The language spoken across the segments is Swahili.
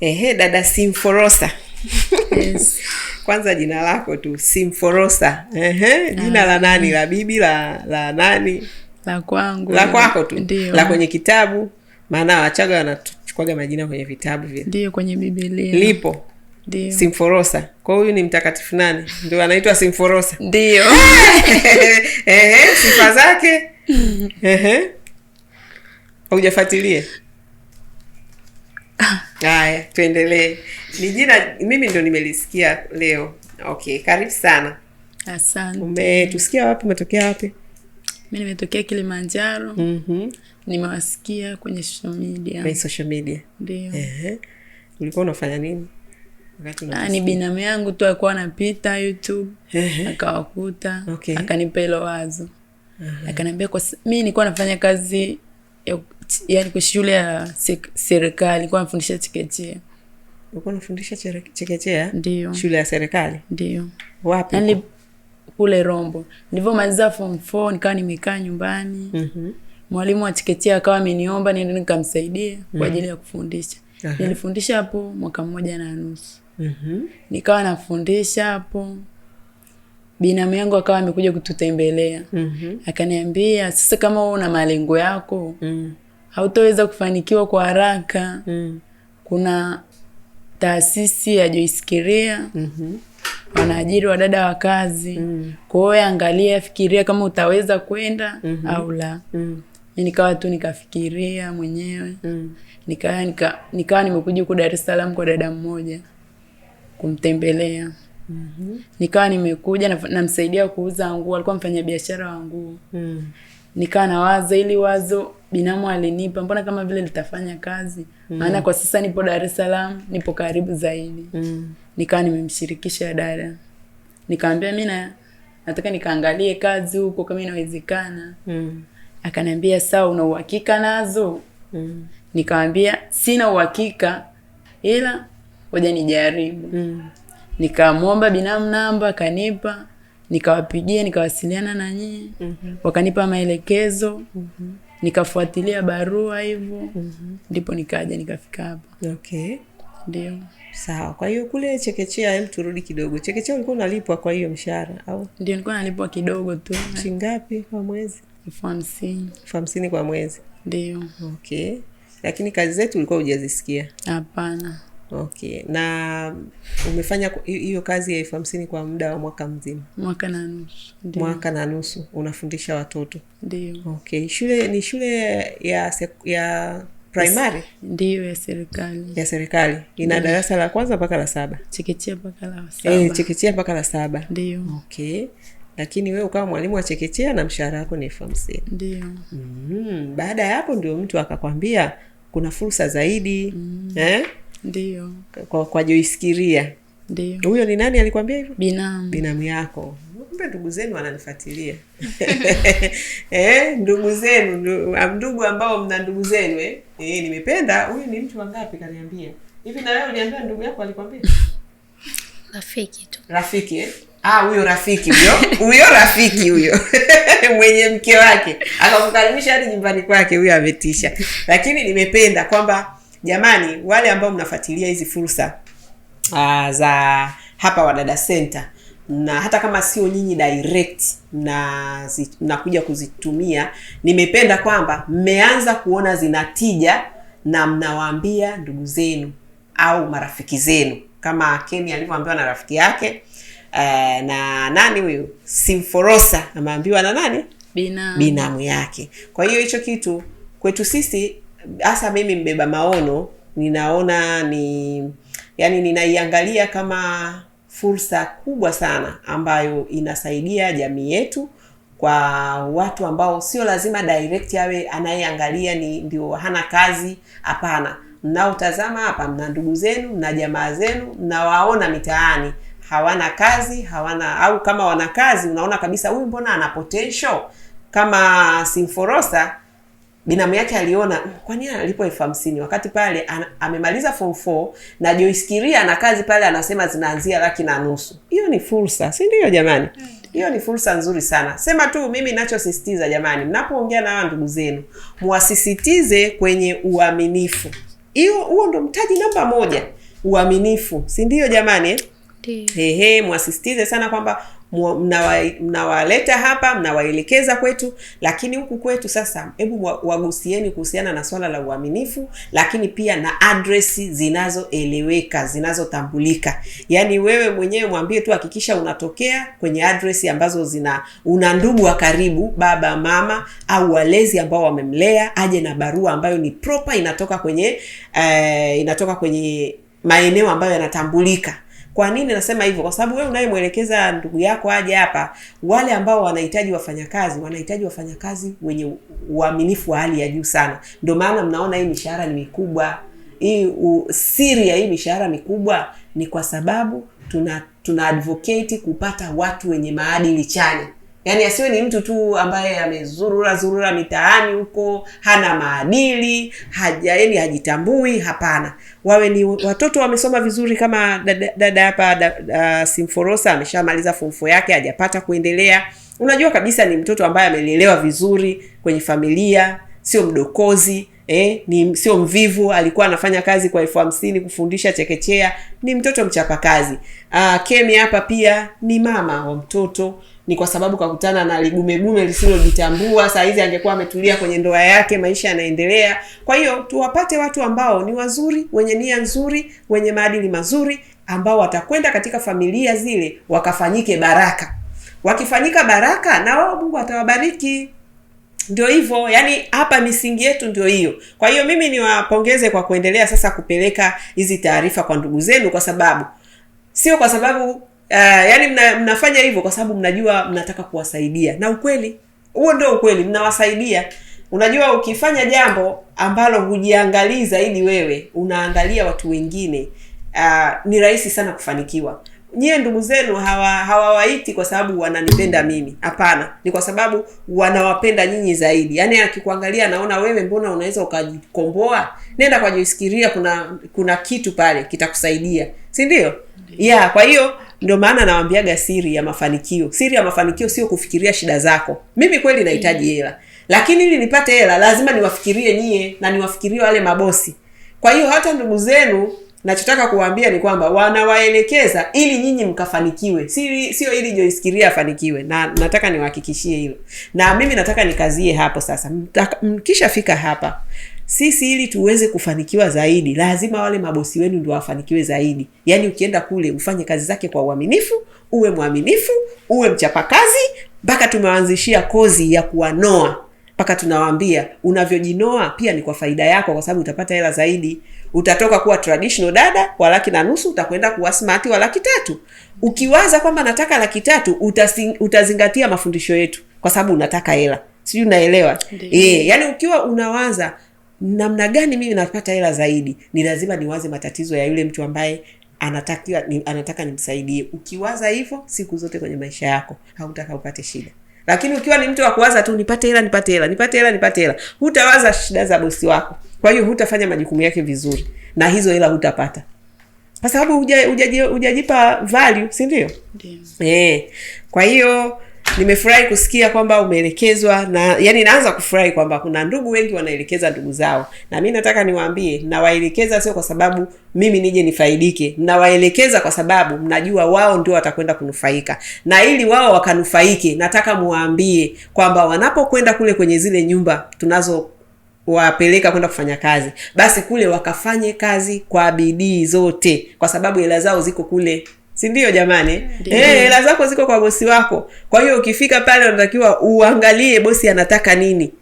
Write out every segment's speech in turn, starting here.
Ehe, dada Simforosa. Yes. Kwanza jina lako tu Simforosa. Ehe, jina la ah. nani? La bibi la la nani? La kwangu. La kwako tu. Ndiyo. La kwenye kitabu. Maana Wachaga wanachukwaga majina kwenye vitabu vile. Ndio, kwenye Biblia. Lipo. Ndio. Simforosa. Kwa huyu ni mtakatifu nani? Ndio anaitwa Simforosa. Ndio. Ehe, sifa zake. Ehe. Haujafuatilia? haya tuendelee ni jina mimi ndo nimelisikia leo okay karibu sana asante umetusikia wapi umetokea wapi mi nimetokea kilimanjaro mm-hmm. nimewasikia kwenye social media kwenye social media ndio uh-huh. ulikuwa unafanya nini ah, ni binamu yangu tu alikuwa anapita youtube akawakuta okay. akanipa hilo wazo uh-huh. akaniambia mi nilikuwa nafanya kazi yani kwa shule ya serikali kuwa nafundisha chekechea. Ulikuwa unafundisha chekechea? Ndio. Shule ya serikali? Ndio. Wapi? Yani kule Rombo. Nilivyomaliza form 4 nikawa nimekaa nyumbani. Mm-hmm. Mwalimu wa chekechea akawa ameniomba niende nikamsaidia mm-hmm. kwa mhm. ajili ya kufundisha. uh-huh. Nilifundisha hapo mwaka mmoja na nusu. Mm-hmm. Nikawa nafundisha hapo binamu yangu akawa amekuja kututembelea mm -hmm. Akaniambia, sasa kama wewe una malengo yako mm. hautaweza kufanikiwa kwa haraka mm. kuna taasisi ya joiskiria mm -hmm. wanaajiri wadada wa kazi mm. kwa angalia, fikiria kama utaweza kwenda mm -hmm. au la mm. nikawa tu nikafikiria mwenyewe mm. nikawa nika, nimekuja huku Dar es Salaam kwa dada mmoja kumtembelea Mm-hmm. Nikawa nimekuja namsaidia na kuuza nguo, alikuwa mfanya biashara wa nguo. Mm. Nikawa na wazo ili wazo binamu alinipa, mbona kama vile litafanya kazi mm. maana, mm. kwa sasa nipo Dar es Salaam, nipo karibu zaidi. Mm. Nikawa nimemshirikisha dara nikawambia mi nataka nikaangalie kazi huko kama inawezekana. Mm. Akaniambia saa una uhakika nazo? Mm. nikawambia sina uhakika, ila ngoja nijaribu. Mm nikamwomba binamu namba akanipa, nikawapigia, nikawasiliana na nyie mm -hmm. wakanipa maelekezo mm -hmm. nikafuatilia barua hivyo mm -hmm. ndipo nikaja nikafika hapa. Okay, ndio sawa. Kwa hiyo kule chekechea, hem, turudi kidogo chekechea, ulikuwa unalipwa kwa hiyo mshahara au? Ndio, nilikuwa nalipwa kidogo tu. shingapi kwa mwezi? elfu hamsini. elfu hamsini kwa mwezi, ndio. Okay, lakini kazi zetu ulikuwa hujazisikia? Hapana. Okay, na umefanya hiyo kazi ya elfu hamsini kwa muda wa mwaka mzima? Mwaka na nusu. Mwaka na nusu unafundisha watoto? Ndio. Okay, shule ni shule ya ya primary? ndiyo ya serikali. Ya serikali ina darasa la kwanza mpaka la saba? Chekechea mpaka la eh, saba. E, chekechea mpaka la saba. Ndio. Okay, lakini we ukawa mwalimu wa chekechea na mshahara wako ni elfu hamsini? Ndio. Mm-hmm. Baada ya hapo ndio mtu akakwambia kuna fursa zaidi mm. eh? ndio kwa, kwa Joisikiria. Ndio huyo ni nani alikwambia hivyo? Binamu, binamu yako. mbe ndugu zenu wananifuatilia eh, ndugu zenu, ndugu ambao mna ndugu zenu eh? Eh, nimependa. Huyu ni mtu wangapi kaniambia hivi? Na wewe uliambiwa ndugu yako alikwambia? Rafiki tu, rafiki eh? Ah, huyo rafiki huyo huyo rafiki huyo mwenye mke wake akamkaribisha hadi nyumbani kwake, huyo ametisha. Lakini nimependa kwamba jamani, wale ambao mnafuatilia hizi fursa uh, za hapa Wadada Center na hata kama sio nyinyi direct mnakuja kuzitumia, nimependa kwamba mmeanza kuona zinatija na mnawaambia ndugu zenu au marafiki zenu, kama Kemi alivyoambiwa na rafiki yake uh, na nani huyu Simforosa ameambiwa na nani, binamu, binamu yake. Kwa hiyo hicho kitu kwetu sisi hasa mimi mbeba maono ninaona ni yani, ninaiangalia kama fursa kubwa sana ambayo inasaidia jamii yetu kwa watu ambao sio lazima direct awe anayeangalia ni ndio hana kazi. Hapana, mnaotazama hapa, mna ndugu zenu, mna jamaa zenu, mnawaona mitaani hawana kazi, hawana au kama wana kazi, unaona kabisa huyu mbona ana potential kama Simforosa binamu yake aliona kwa nini analipwa elfu hamsini wakati pale an, amemaliza form 4 na joisikiria na kazi pale anasema zinaanzia laki na nusu. Hiyo ni fursa, si jamani? Hmm. Hiyo ni fursa nzuri sana. Sema tu mimi nachosisitiza jamani, mnapoongea na hawa ndugu zenu mwasisitize kwenye uaminifu. Hiyo huo ndo mtaji namba moja, uaminifu, si ndio jamani? Ehe, mwasisitize sana kwamba mnawaleta mna hapa mnawaelekeza kwetu, lakini huku kwetu sasa, hebu wagusieni kuhusiana na swala la uaminifu, lakini pia na adresi zinazoeleweka zinazotambulika. Yani wewe mwenyewe mwambie tu, hakikisha unatokea kwenye adresi ambazo zina una ndugu wa karibu, baba, mama au walezi ambao wamemlea, aje na barua ambayo ni proper, inatoka kwenye eh, inatoka kwenye maeneo ambayo yanatambulika kwa nini nasema hivyo? Kwa sababu wewe unayemwelekeza ndugu yako aje hapa, wale ambao wanahitaji wafanyakazi, wanahitaji wafanyakazi wenye uaminifu wa hali ya juu sana. Ndio maana mnaona hii mishahara ni mikubwa. Hii siri ya hii mishahara mikubwa ni kwa sababu tuna tuna advocate kupata watu wenye maadili chanya yaani asiwe ni mtu tu ambaye amezurura zurura mitaani huko, hana maadili haja, yaani hajitambui. Hapana, wawe ni watoto wamesoma vizuri kama dada hapa Simforosa ameshamaliza form yake, hajapata kuendelea. Unajua kabisa ni mtoto ambaye amelelewa vizuri kwenye familia, sio mdokozi eh, ni sio mvivu. Alikuwa anafanya kazi kwa elfu hamsini kufundisha chekechea. Ni mtoto mchapakazi. Ah, Kemi hapa pia ni mama wa mtoto ni kwa sababu kakutana na ligumegume lisilojitambua. Saa hizi angekuwa ametulia kwenye ndoa yake, maisha yanaendelea. Kwa hiyo tuwapate watu ambao ni wazuri, wenye nia nzuri, wenye maadili mazuri, ambao watakwenda katika familia zile wakafanyike baraka. Wakifanyika baraka, na wao Mungu atawabariki. Ndio hivyo, yani hapa misingi yetu ndio hiyo. Kwa hiyo mimi niwapongeze kwa kuendelea sasa kupeleka hizi taarifa kwa ndugu zenu, kwa sababu sio kwa sababu Uh, yaani mna, mnafanya hivyo kwa sababu mnajua mnataka kuwasaidia, na ukweli huo ndio ukweli, mnawasaidia. Unajua, ukifanya jambo ambalo hujiangalii zaidi wewe, unaangalia watu wengine, uh, ni rahisi sana kufanikiwa. Nyie ndugu zenu hawa hawawaiti kwa sababu wananipenda mimi, hapana, ni kwa sababu wanawapenda nyinyi zaidi. Yaani akikuangalia naona wewe, mbona unaweza ukajikomboa, nenda kwajifikiria, kuna kuna kitu pale kitakusaidia, si ndio? Yeah, kwa hiyo ndio maana nawambiaga siri ya mafanikio. Siri ya mafanikio sio kufikiria shida zako. Mimi kweli nahitaji mm-hmm. hela, lakini ili nipate hela lazima niwafikirie nyie na niwafikirie wale mabosi. Kwa hiyo hata ndugu zenu, nachotaka kuwaambia ni kwamba wanawaelekeza ili nyinyi mkafanikiwe, siri sio ili joisikiria afanikiwe, na nataka niwahakikishie hilo, na mimi nataka nikazie hapo sasa. Mkishafika hapa sisi ili tuweze kufanikiwa zaidi, lazima wale mabosi wenu ndio wafanikiwe zaidi. Yaani ukienda kule ufanye kazi zake kwa uaminifu, uwe mwaminifu, uwe mchapakazi, mpaka tumewaanzishia kozi ya kuwanoa, mpaka tunawaambia unavyojinoa pia ni kwa faida yako, kwa sababu utapata hela zaidi. Utatoka kuwa traditional dada wa laki na nusu utakwenda kuwa smart wa laki tatu. Ukiwaza kwamba nataka laki tatu, utasing, utazingatia mafundisho yetu, kwa sababu unataka hela, sijui unaelewa eh? Yani ukiwa unawaza namna gani mimi napata hela zaidi, ni lazima niwaze matatizo ya yule mtu ambaye anatakiwa ni, anataka nimsaidie. Ukiwaza hivyo siku zote kwenye maisha yako hautaka upate shida, lakini ukiwa ni mtu wa kuwaza tu nipate hela, nipate hela, nipate hela, nipate hela, hutawaza shida za bosi wako. Kwa hiyo hutafanya majukumu yake vizuri, na hizo hela hutapata kwa sababu hujajipa value, si ndio? Eh, kwa hiyo nimefurahi kusikia kwamba umeelekezwa na yani, naanza kufurahi kwamba kuna ndugu wengi wanaelekeza ndugu zao, na mi nataka niwaambie, nawaelekeza sio kwa sababu mimi nije nifaidike, nawaelekeza kwa sababu mnajua wao ndio watakwenda kunufaika, na ili wao wakanufaike, nataka muwaambie kwamba wanapokwenda kule kwenye zile nyumba tunazo wapeleka kwenda kufanya kazi, basi kule wakafanye kazi kwa bidii zote, kwa sababu hela zao ziko kule sindio jamani? Eh, hela zako ziko kwa bosi wako. Kwa hiyo ukifika pale, unatakiwa uangalie bosi anataka nini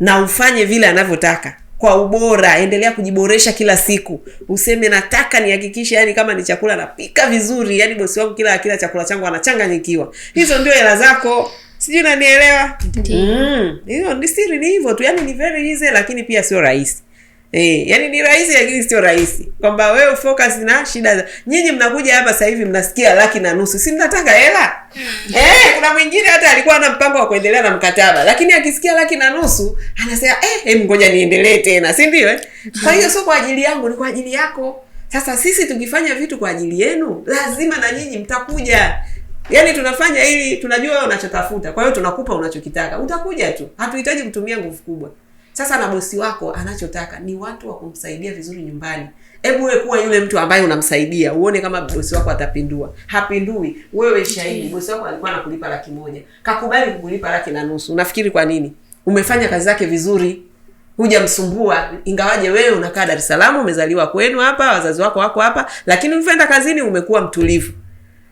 na ufanye vile anavyotaka kwa ubora. Endelea kujiboresha kila siku, useme nataka nihakikishe, yani kama ni chakula napika vizuri, yani bosi wangu kila kila chakula changu anachanganyikiwa. Hizo ndio hela zako, sijui unanielewa? Mm, ni siri, ni hivyo tu, yani ni very easy, lakini pia sio rahisi. Eh, yani ni rahisi lakini sio rahisi. Kwamba wewe focus na shida za. Nyinyi mnakuja hapa sasa hivi mnasikia laki na nusu. Si mnataka hela? eh, kuna mwingine hata alikuwa ana mpango wa kuendelea na mkataba, lakini akisikia laki na nusu anasema eh, hem ngoja niendelee tena, si ndio eh? Kwa hiyo sio kwa ajili yangu, ni kwa ajili yako. Sasa sisi tukifanya vitu kwa ajili yenu, lazima na nyinyi mtakuja. Yaani tunafanya ili tunajua wewe unachotafuta. Kwa hiyo tunakupa unachokitaka. Utakuja tu. Hatuhitaji kutumia nguvu kubwa. Sasa na bosi wako anachotaka ni watu wa kumsaidia vizuri nyumbani. Hebu wewe kuwa yule mtu ambaye unamsaidia, uone kama bosi wako atapindua. Hapindui. Wewe shahidi, bosi wako alikuwa anakulipa laki moja, kakubali kukulipa laki na nusu. Unafikiri kwa nini? Umefanya kazi zake vizuri, hujamsumbua. Ingawaje wewe unakaa Dar es Salaam, umezaliwa kwenu hapa, wazazi wako wako hapa, lakini ulivyoenda kazini umekuwa mtulivu.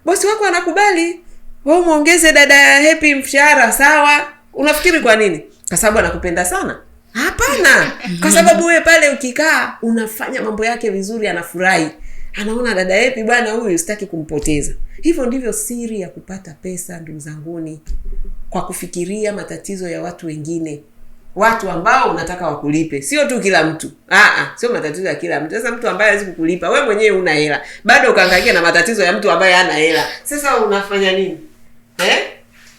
Bosi wako anakubali, wewe muongeze dada Happy mshahara, sawa? Unafikiri kwa nini? Kwa sababu anakupenda sana hapana kwa sababu wewe pale ukikaa unafanya mambo yake vizuri anafurahi anaona dada yepi bwana huyu sitaki kumpoteza hivyo ndivyo siri ya kupata pesa ndugu zanguni kwa kufikiria matatizo ya watu wengine watu ambao unataka wakulipe, sio tu kila mtu. Aa, ah, ah, sio matatizo ya kila mtu. Sasa mtu ambaye hawezi kukulipa wewe mwenyewe, una hela bado ukahangaika na matatizo ya mtu ambaye hana hela, sasa unafanya nini eh?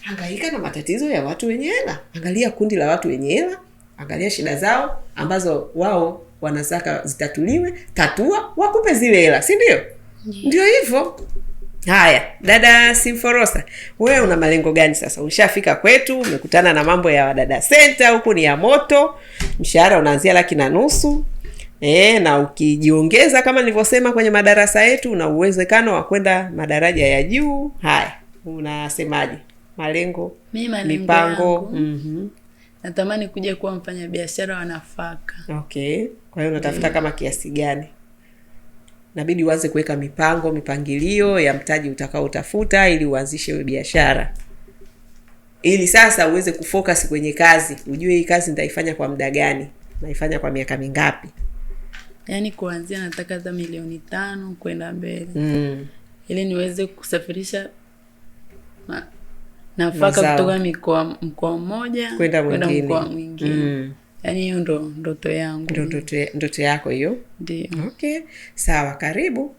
Hangaika na matatizo ya watu wenye hela. Angalia kundi la watu wenye hela, angalia shida zao ambazo wao wanasaka zitatuliwe, tatua, wakupe zile hela, si ndio? Ndio hivyo. Haya, dada Simforosa, wewe una malengo gani sasa? ushafika kwetu, umekutana na mambo ya Wadada senta huku ni ya moto, mshahara unaanzia laki na nusu. E, na ukijiongeza kama nilivyosema kwenye madarasa yetu una uwezekano wa kwenda madaraja ya juu. Haya, unasemaje? Malengo, mipango? mm -hmm natamani kuja kuwa mfanyabiashara wa nafaka. Okay, kwa hiyo unatafuta kama kiasi gani? nabidi uanze kuweka mipango, mipangilio ya mtaji utakao utafuta ili uanzishe hiyo biashara, ili sasa uweze kufocus kwenye kazi, ujue hii kazi nitaifanya kwa muda gani, naifanya kwa miaka mingapi. Yaani kuanzia nataka za milioni tano kwenda mbele mm. ili niweze kusafirisha ma nafaka kutoka mikoa mkoa mmoja kwenda mkoa mwingine mm. Yaani hiyo ndo ndoto yangu, ndoto yako hiyo. Ndio, okay, sawa, karibu.